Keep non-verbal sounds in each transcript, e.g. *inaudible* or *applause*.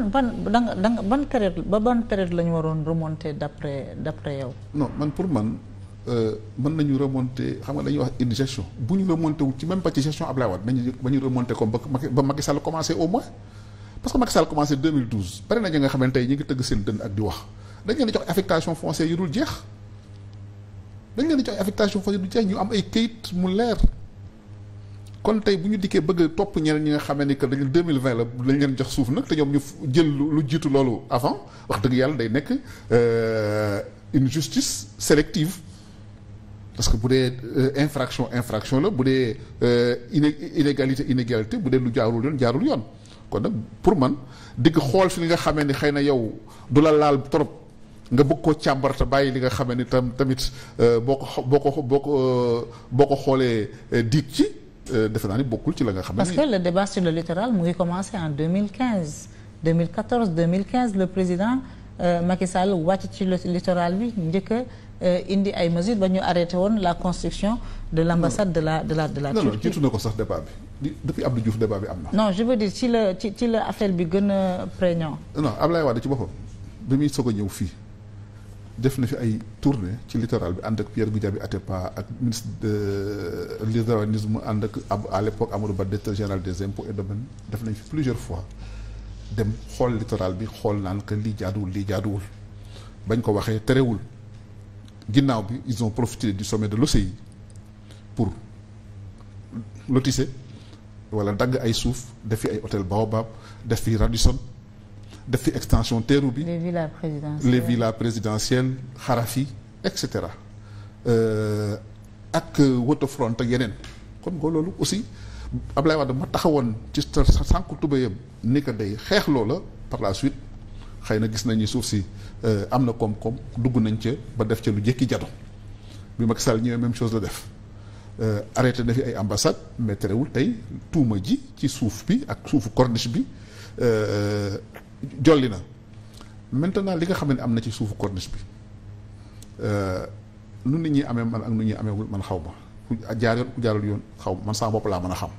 ban ban danga danga ban période ba ban période la ñu waroon remonter d'après d'après yow. non man pour man euh, mën nañu remonter xam nga dañuy wax une gestion bu ñu remonter wu ci même pas ci gestion Ablaye Wade nañu ba ñu remonter comme ba ba Macky Sall commencé au moins parce que Macky Sall commencé 2012 bari na ñi nga xam ne tey ñu ngi tëgg seen dënn ak di wax dañ leen di jox affectation foncière yu dul jeex dañ leen di jox affectation foncière yu dul jeex ñu am ay kayit mu leer. kon tey bu ñu dikkee bëgg a topp ñeneen ñi nga xamee ni que dañu 2020 la lañ leen jox suuf nag te ñoom ñu jël lu jiitu loolu avant wax dëgg yàlla day nekk euh, une justice sélective parce que bu dee euh, infraction infraction la bu dee euh, inégalité inégalité bu dee lu jaarul yoon jaarul yoon kon nag pour man digg xool fi li nga xamee ni xëy na yow du la laal trop nga bëgg ko càmbar bàyyi li nga xamee ni tam tamit boo ko boo ko boo ko boo ko xoolee diig ci Euh, defe naa ni bokkul ci la nga xam ne parce que le débat sur le littoral mu ngi commencé en 2015 2014 2015 le président euh, Macky Sall wàcc ci littoral bi njëkk euh, indi ay mesures ba ñu arrêté woon la construction de l'ambassade de la de la la Turquie. non non jiitu ko sax débat bi depuis Abdou Diouf débat bi am na. non je veux dire ci la ci la affaire bi gën a prégnant. non Ablaye Wade ci boppam bi muy soog a ñëw fii. def na fi ay tournée ci littoral bi ànd ak Pierre Goudiaby pas ak ministre de l'urbanisme ànd ak ab à l'époque Amadou Ba directeur général des impôts et domaines def nañ fi plusieurs fois dem xool littoral bi xool naan que lii jaaduwul lii jaaduwul bañ ko waxee terewul ginnaaw bi ils ont profité du sommet de l'OCI pour lotisser wala dagg ay suuf def fi ay hôtel Baobab def fi Radisson def fi extension teeru bi. les villas présidentielles les villas présidentielles xaraf et cetera euh, ak euh, waterfront ak yeneen kon nga loolu aussi Ablaye Wade ma taxawoon ci sa sànq tubéyam ni ko day xeex loola par la suite xëy na gis nañu suuf si euh, am na koom-koom dugg nañ ca ba def ca lu jékki jado bi Macky Sall ñëwee même chose la def. arrêté na fi ay ambassade mais terewul tey tuuma ji ci suuf bi ak suufu corniche bi jolli na maintenant li nga xam ne am na ci suufu corniche bi euh, nu nit ñi amee man ak nu ñuy amee man xaw ma ku jaar yoon ku jaarul yoon xaw ma man sama bopp laa man a xam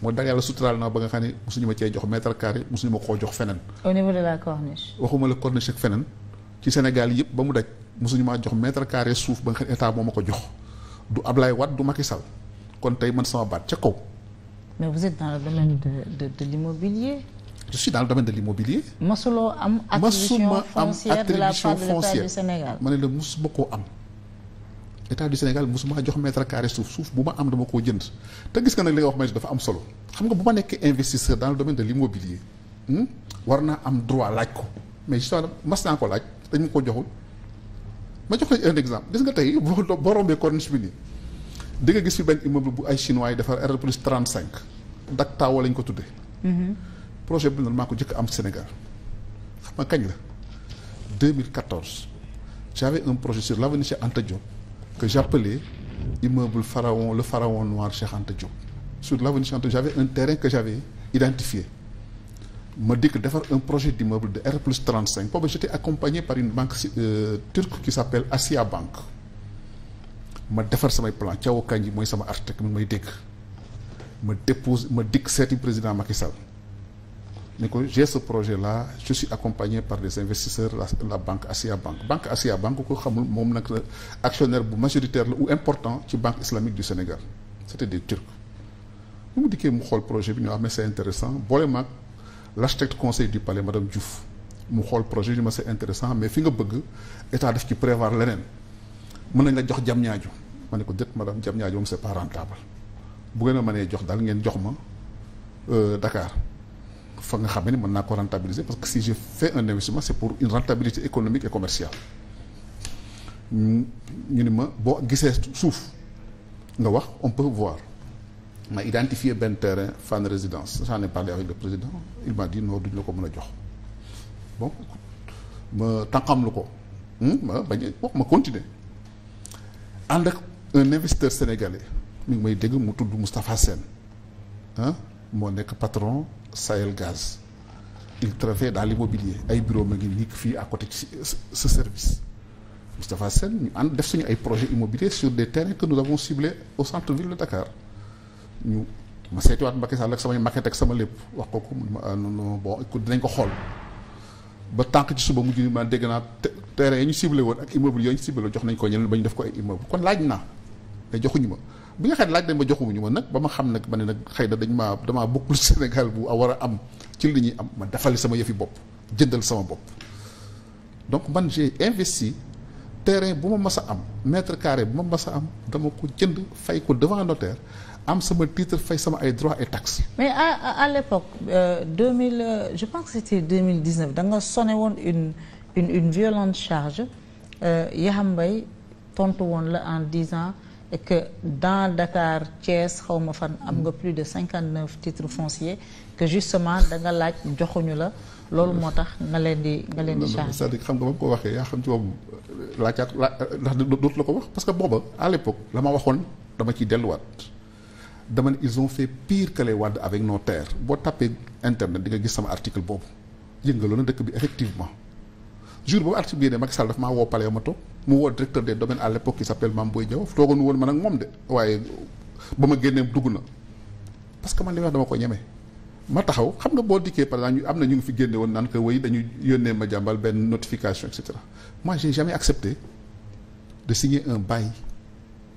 mooy dara yàlla suturaal na ba nga xam ne ma cee jox mètre carré mosuñu ma koo jox feneen. au niveau de la corniche. waxuma la corniche ci Sénégal yëpp ba mu daj mosuñu maa jox mètre carré suuf ba nga xam ne état moo ma ko jox du Ablaye Wade du Macky Sall kon tey man sama baat ca kaw. mais vous êtes dans de de de je suis dans le domaine de ma solo am attribution foncière de la part de l'État du Sénégal ma ne la mosuma koo am état du Sénégal mosuma jox mètre carré suuf suuf bu ma am dama koo jënd te gis nga nag li nga wax ma dafa am solo xam nga bu ma nekkee investisseur dans le domaine de l'immobilier hmm, war naa am droit laaj ko mais justement mas naa ko laaj dañ ma ko joxul ma jox la un exemple gis nga tey boo boo rombee corniche bi di nga gis fi benn immeuble bu ay chinois yi defar R plus 35 dak taawo lañ ko tuddee mhm. projet bi noonu maa ko jëkk am Sénégal xam nga kañ la 2014 j'avais un projet sur l'avenir Cheikh Anta Diop que j'appelais immeuble pharaon le pharaon noir Cheikh Anta Diop sur l'avenir Cheikh Anta Diop un terrain que j'avais identifié ma dikk defar un projet d'immeuble de R plus 35 boobu j'étais accompagné par une banque si euh, turque qui s'appelle Asia Bank ma defar samay plan Thiaw Kandji mooy sama architecte mi ngi may dégg ma dépose ma dikk seeti président Macky Sall ni ko j'ai ce projet là je suis accompagné par des investisseurs la, la banque Asia Bank banque Asia Bank ko xamul moom nag actionnaire bu majoritaire la ou important ci banque islamique du Sénégal c'était des Turcs bu mu dikkee mu xool projet bi ñoo xam ne c'est intéressant boole maag l'architecte conseil du palais madame Diouf mu xool projet bi ma c'est intéressant mais fi nga bëgg état daf ci prévoir leneen mën nañ la jox jam ñaaju ma ne ko déet madame jam ñaaju moom c'est pas rentable bu ngeen a mënee jox daal ngeen jox ma euh, Dakar fa nga xam ne mën naa ko rentabiliser parce que si je fais un investissement c'est pour une rentabilité économique et commerciale ñu ni ma boo gisee suuf nga wax on peut voir ma identifier benn terrain fan résidence j'en ai parlé avec le président il m'a dit non la ko mën a jox bon ma tànqam lu ko hmm, ma bañ ma continuer ànd ak un investisseur sénégalais mi ngi may dégg mu tudd Moustapha Sène ah moo nekk patron Sahel Gaz il travaille dans l'immobilier ay bureau ma ngi nekk fii à côté ci ce service Moustapha Sène ñu ànd def suñu ay projet immobilier sur des terrains que nous avons ciblés au centre ville de Dakar ñu ma seetiwaat Mbacké Sall ak samay maquette ak sama lépp wax ko ko mun ah, bon dinañ ko xool ba tànk ci suba mujj ni ma dégg naa terrain yi ñu ciblé woon ak immeuble yooyu ñu ciblé jox nañ ko ñeneen ba ñu def ko ay immeuble kon laaj naa mais joxuñu ma bi nga xam laaj dañ ma joxuwuñu ma nag ba ma xam nag ma ne nag xëy na dañ maa damaa bokkul *laughs* Sénégal bu war a am ci li ñuy am ma defali sama yëfi bopp jëndal sama bopp donc man j'ai investi terrain bu ma mas a am mètre carré bu ma mas a am dama ko jënd fay ko devant notaire am sama titre fay sama ay droits et taxes. mais à à l'époque euh, 2000 euh, je pense que c'était 2019 da nga sonné woon une une une violente charge euh, Yakham Mbaye tontu woon la en disant. que dans Dakar Thiès xaw ma fan am nga plus de cinquante neuf titres fonciers que justement da nga laaj joxuñu la loolu moo tax nga leen di nga leen di charge cest à xam nga ba mu ko waxee yaa xam ci moom laajaat laa ndax dootu la ko wax parce que booba à l'époque la ma waxoon dama ciy delluwaat dama ne ils ont fait pire que avec nos terres boo tapé internet di nga gis sama article boobu yëngaloo loolu dëkk bi effectivement jour boobu article bi ne Macky Sall daf maa mu woo directeur des domaines à l'époque qui s'appelle Mame Boye Diao toogoon woon man ak moom de waaye ba ma génnee dugg na parce que man li wax dama ko ñeme ma taxaw xam nga boo dikkee par exemple ñu am na ñu ngi fi génne woon naan que way dañu yónnee ma jàmbal benn notification et cetera moi j'ai jamais accepté de signer un bail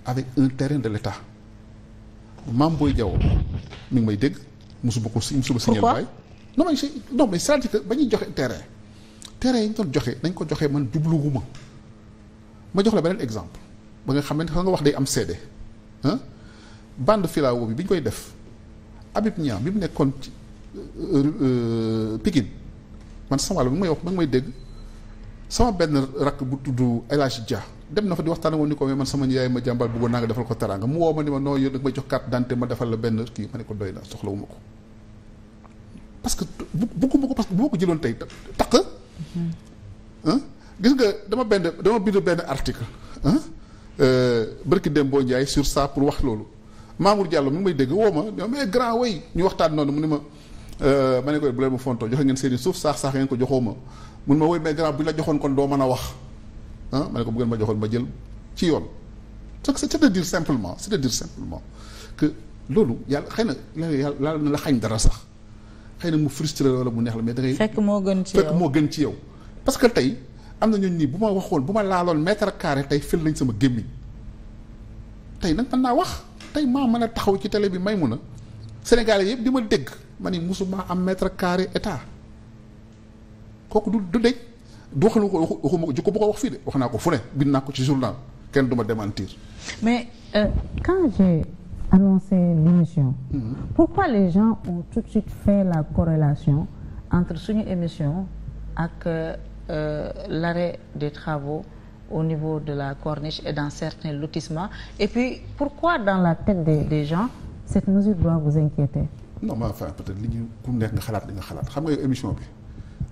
avec un terrain de l'État Mame Boye Diao mi ngi may dégg musuma ko si musuma signer bail non mais non mais cest ba ñuy joxe terrain terrain yi ñu joxe nañ ko joxe man jubluwuma ma jox la beneen exemple ba nga xamante ne nga wax day am seede ah bande filao bi bi ñu koy def Habib Niang bi mu nekkoon ci euh, euh, euh, Pikine man sama la bi may wax ba nga may dégg sama benn rakk bu tudd El Hadj Dia dem na fa di waxtaan woon ko mais man sama ma jàmbal bëggoon naa nga defal ko teraanga mu woo ma ni ma noo yéen nag may jox carte d'identité ma defal la benn kii ma ne ko doy na soxlawu ma ko parce que bu bëgguma ko parce que bu ma ko jëloon tey taq ah mm-hmm. gis nga dama benn dama bind benn article euh, bërki boo Ndiaye sur saa pour wax loolu Mamour Diallo mi may dégg woo ma ñoom mais grand way ñu waxtaan noonu mu ne ma euh, ma ko bu leen ma fontoo joxe ngeen seeni suuf saax saax ngeen ko joxoo ma mun ma woy la joxoon kon doo mën a wax ah ma ne ko bu ngeen ma joxoon ma jël ci yoon c'est à dire simplement c'est à dire simplement que loolu yàlla xëy na yàlla laal na la xañ dara sax xëy na mu frustré la wala mu neex la mais da ngay fekk moo gën ci yow fekk tey am na ñooñu nii bu ma waxoon bu ma laaloon mètre carré tey fil lañ sama gémmiñ tey nag mën naa wax tey maa mën a taxaw ci télé bi may mun a Sénégalais yëpp di ma dégg ma ni musuma am mètre carré état kooku du du dëj du wax lu ko waxuma ko jikko bu ko wax fii de wax naa ko fu ne bind naa ko ci journal kenn du ma démentir. mais euh, quand j'ai annoncé l'émission. Mhm. pourquoi les gens ont tout suite fait la corrélation entre suñu émission ak. Euh, euh, l'arrêt des travaux au niveau de la corniche et dans certains lotissements et puis pourquoi dans la tête des, des gens cette mesure doit vous inquiéter non mais enfin peut-être li ñu ku nekk nga xalaat li nga xalaat xam nga yow émission bi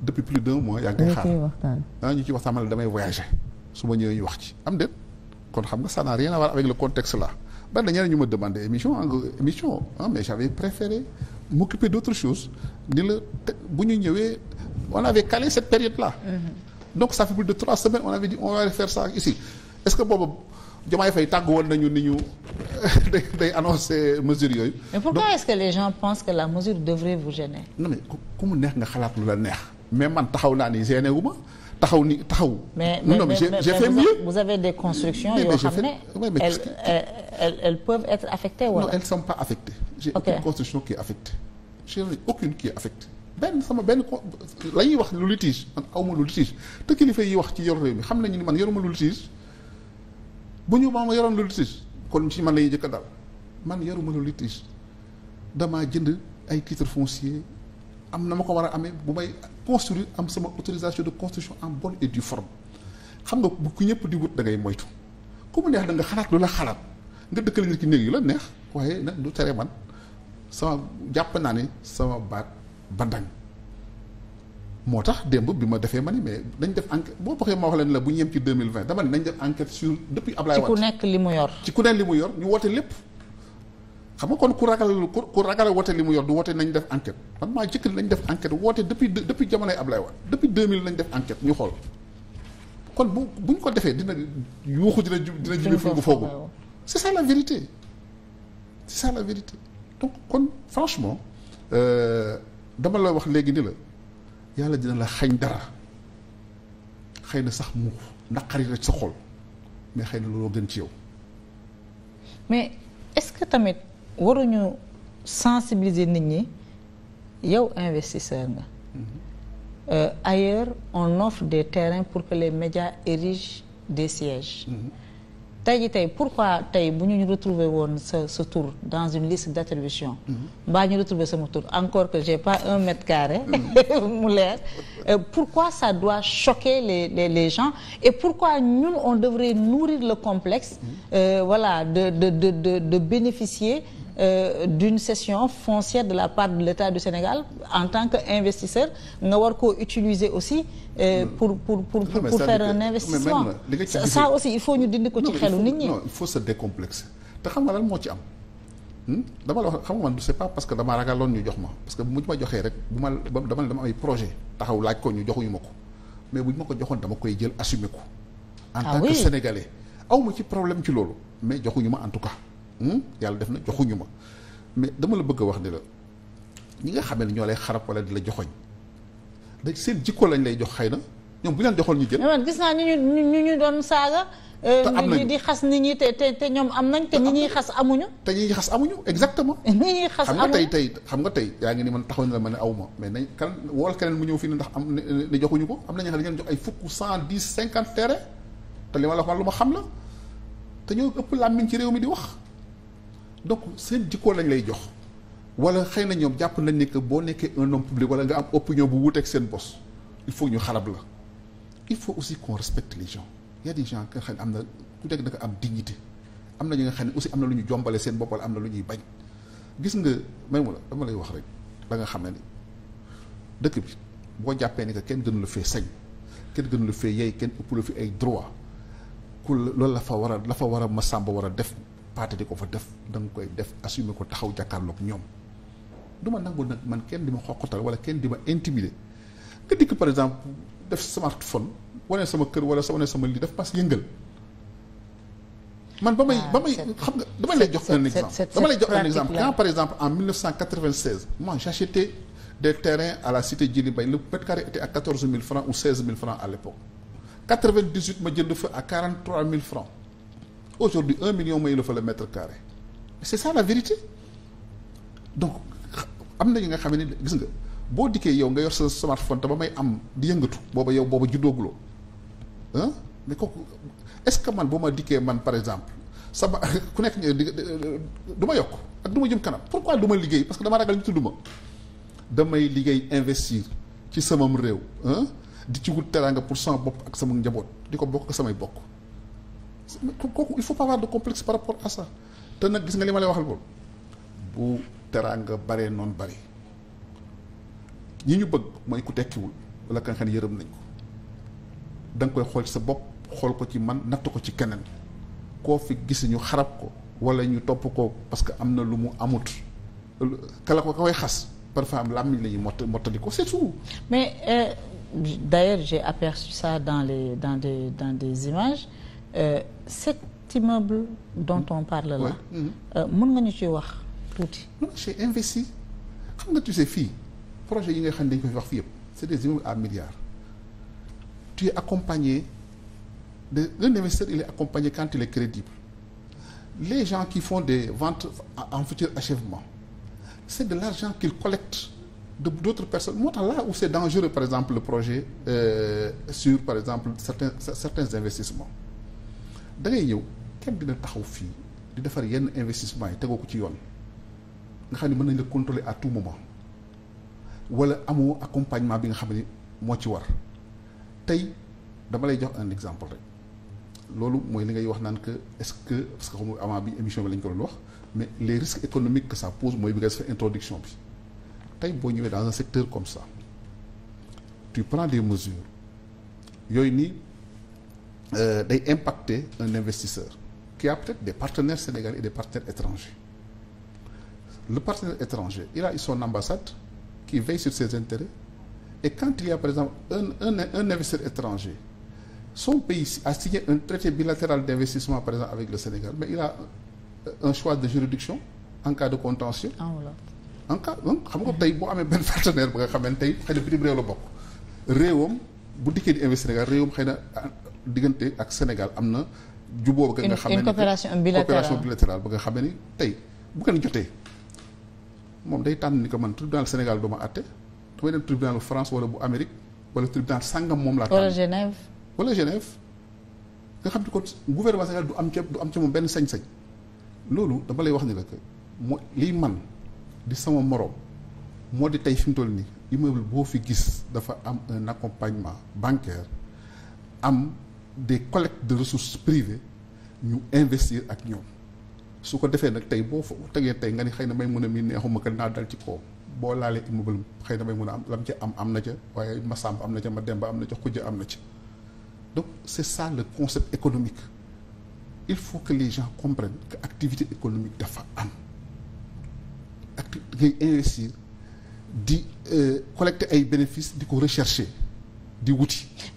depuis plus d'un mois yaa ngi koy xaar ah ñu ci waxtaan ma ne damay voyager su ma ñëwee ñu wax ci am déet kon xam nga ça n'a rien à voir avec le contexte la bari na ñeneen ñu ma demandé émission ah, émission ah mais j'avais préféré m'occuper d'autres choses ni bu ñu ñëwee on avait calé cette période-là. Mmh. donc ça fait plus de trois semaines on avait dit on va refaire ça ici est-ce que boobu Diomaye Faye tàgg woon nañu ni ñu *laughs* day day annoncé mesures yooyu. mais pourquoi donc, est-ce que les gens pensent que la mesure devrait vous gêner. non mais ku mu neex nga xalaat lu la neex. mais man taxaw naa ni gêné wu taxaw ni taxaw. mais mais non, mais mieux. vous avez des constructions yoo xam ne euh, elles elles peuvent être affectées wala. non elles ne pas affectées. j'ai aucune construction qui affectée. benn sama benn ko lañuy wax lu litige man awma lu litige te kilifa yi wax ci yor réew mi xam nañu ni man yoruma lu litige bu ñu ma yoroon lu litige kon ci man la ñuy jëkk dal man yoruma lu litige damaa jënd ay titre foncier am na ma ko war a amee bu may construire am sama utilisation de construction en bonne et due forme xam nga bu ku ñëpp di wut da ngay moytu ku mu neex da nga xalaat lu la xalaat nga dëkkale nit ki néeg yu la neex waaye nag du tere man sama jàpp naa ne sama baat ba dañ moo tax démb bi ma defee ma ni mais nañ def enquête boo waxee ma wax leen bu ñu yem ci deux mille vingt dama ne nañ def enquête sur depuis Ablaye Wade ci ku ci ku nekk li mu yor ñu woote lépp xam nga kon ku ragal ku ku ragal woote li mu yor du woote nañ def enquête man maa jëkk nañ def enquête woote depuis depuis jamonoy Ablaye Wade depuis deux mille nañ def enquête ñu xool kon bu bu ñu ko defee dina yuuxu dina ju dina jublu fu mu foogul. c'est ça la vérité c'est ça la vérité donc kon franchement. Euh, dama la wax léegi ni la yàlla dina la xañ dara xëy na sax mu naqari rek sa xol mais xëy na looloo gën ci yow. mais est-ce que tamit waruñu sensibiliser nit ñi yow investisseur na mm-hmm. Euh, ailleurs on offre des terrains pour que les médias érigent des sièges. mm tey ji tey pourquoi tey bu ñu retrouver woon sa sa tour dans une liste d' attribution mm-hmm. mbaa ñu retrouver sama tour encore que j'ai pas un mètre carré mm-hmm. *laughs* mu leer euh, pourquoi ça doit choquer les les les gens et pourquoi ñun on devrait nourrir le complexe mm-hmm. euh, voilà de de de de de bénéficier euh, d'une cession foncière de la part de l'État du Sénégal en tant qu'investisseur nga war koo utiliser aussi euh, pour pour pour, pour, non, pour faire un investissement ça, ça aussi il faut ñu dindi ko ci xelu nit ñi non il faut se décomplexer te xam nga lan moo ci am hmm? dama la wax xam nga man c'est pas parce que dama ragaloon ñu jox ma parce que bu ñu ma joxee rek bu ma dama ne dama am ay projet taxaw laaj ko ñu joxuñu ma ko mais bu ñu ma ko joxoon dama koy jël assumer ko en ah tant que sénégalais aw ma ci problème ci loolu mais joxuñu ma en tout cas Hmm? yàlla def na joxuñu ma mais dama la bëgg a wax ni la ñi nga xamee ne ñoo lay xarab wala di la joxoñ da seen jikko lañ lay jox xëy na ñoom bu leen joxoon ñu jël. gis naa ñu ñu ñu ñu doon saaga. te euh, di xas nit ñi te te te ñoom am nañ. ñuy xas amuñu. te ñuy xas amuñu exactement. *laughs* ñi ñuy xas amuñu xam nga tey tey xam nga tey yaa ngi ni man taxaw na la ma ne aw mais nañ kan wool keneen mu ñëw fii ne ndax am ne joxuñu ko am nañu xam ne dañu jox ay fukk cent dix cinquante tere te li ma la wax lu ma xam la te ñoo ëpp làmmiñ ci réew mi di wax donc seen jikkoo lañ lay jox wala xëy na ñoom jàpp nañ ni que boo nekkee un homme public wala nga am opinion bu wuuteeg seen bos il faut ñu xalab la il faut aussi qu'on respecte les gens il am na ku nekk dafa am dignité am na ñu nga xam ne aussi am na lu ñu jombale seen bopp am na lu ñuy bañ gis nga may mu la dama lay wax rek da nga xam ne ni dëkk bi boo jàppee ni que kenn gënu la fee sañ kenn gënulu la fee yey kenn ëpp lu fi ay droit ku loolu la fa war a la fa war a masamba war a def paate di ko fa def da nga koy def assumer ko taxaw jàkkaarloog ñoom du ma nangu nag man kenn di ma xoqatal wala kenn di ma intimider nga dikk par exemple def smartphone wane sama kër wala wane sama lii daf mas yëngal. man ba may ah, ba may xam nga dama lay jox un exemple dama lay jox un exemple quand par exemple en 1996 moi j'achetais des terrains à la cité Djily Mbaye le mètre carré était à 14000 francs ou 16000 francs à l'époque 98 ma jënd fa aujourd'hui un million may la fa le mètre carré c'est ça la vérité donc am na ñu nga xam ne gis nga boo dikkee yow nga yor sa smartphone te ba may am di yëngatu booba yow booba juddooguloo ah mais kooku est-ce que man bu ma dikkee man par exemple sama ku nekk du ma yokk ak du ma jëm kanam pourquoi du ma liggéey parce que dama ragal ñu tudd ma damay liggéey investir ci samam réew di ci wut teraanga pour sama bopp ak sama njaboot di ko bokk samay bokk kooku il faut pas avoir de complexe par rapport à ça te nag gis nga li ma lay waxal boobu bu teraanga bare noonu bare ñi ñu bëgg mooy ku tekkiwul wala ka nga yërëm nañ ko da nga koy xool sa bopp xool ko ci man natt ko ci keneen koo fi gis ñu xarab ko wala ñu topp ko parce que am na lu mu amut kala ko ka koy xas parfois am làmmiñ la ñuy mott mottali ko c'est tout mais euh, d'ailleurs j'ai aperçu ça dans les dans des images Euh, cet immeuble dont on parle la mhm. euh, mën nga ñu ci wax tuuti. non j'ai investi xam nga tu sais fii projet yi nga xam ne dañ ko fi wax fii yëpp c'est des immeubles à milliards. tu es accompagné de un investisseur il est accompagné quand il est crédible les gens qui font des ventes en futur achèvement c'est de l'argent qu'ils collectent de d'autres personnes moo tax là où c'est dangereux par exemple le projet euh, sur par exemple certains certains investissements da ngay ñëw kenn dina taxaw fii di defar yenn investissement yi tegoo ko ci yoon nga xam ne mën nañ la contrôler à tout moment wala amoo accompagnement bi nga xam ne moo ci war tey dama lay jox un exemple rek loolu mooy li ngay wax naan que est-ce que parce que xam avant bi émission bi lañ ko doon wax mais les risques économiques que ça pose mooy bi nga defee introduction bi tey boo ñëwee dans un secteur comme ça tu prends des mesures yooyu nii. euh, day impacter un investisseur qui a peut des partenaires sénégalais et des partenaires étrangers le partenaire étranger il a son ambassade qui veille sur ses intérêts et quand il y a par exemple un un un investisseur étranger son pays a signé un traité bilatéral d'investissement par exemple avec le Sénégal mais il a euh, un choix de juridiction en cas de contentieux ah, voilà. en cas donc xam nga tey boo amee benn *laughs* partenaire ba nga xamante tey xëy na bitim réew la bokk réewam bu dikkee di investir xëy na diggante ak Sénégal am na juboo ba nga xam ne une coopération bilatérale ba nga xam ne tey bu ngeen jotee moom day tànn ni ko man tribunal Sénégal duma àtte damay dem tribunal France wala bu Amérique wala tribunal sàngam moom laa tànn wala Genève wala nga xam ne kon gouvernement Sénégal du am ca du am ca moom benn sañ-sañ loolu dama lay wax ni la que moo liy man di sama moroom moo di tey fi mu toll nii immeuble boo fi gis dafa am un accompagnement bancaire des collectes de ressources privées ñu investir ak ñoom su ko defee nag tey boo fa tegee tey nga ni xëy na may mën a mi neexuma ko naa dal ci kaw boo laalee immeuble xëy na may mun a am lam ca am am na ca waaye ma sàmb am na ca ma dem ba am na ca xuja am na ca donc c'est ça le concept économique il faut que les gens comprennent que activité économique dafa am ak ngay investir di euh, collecter ay bénéfices di ko rechercher di wuti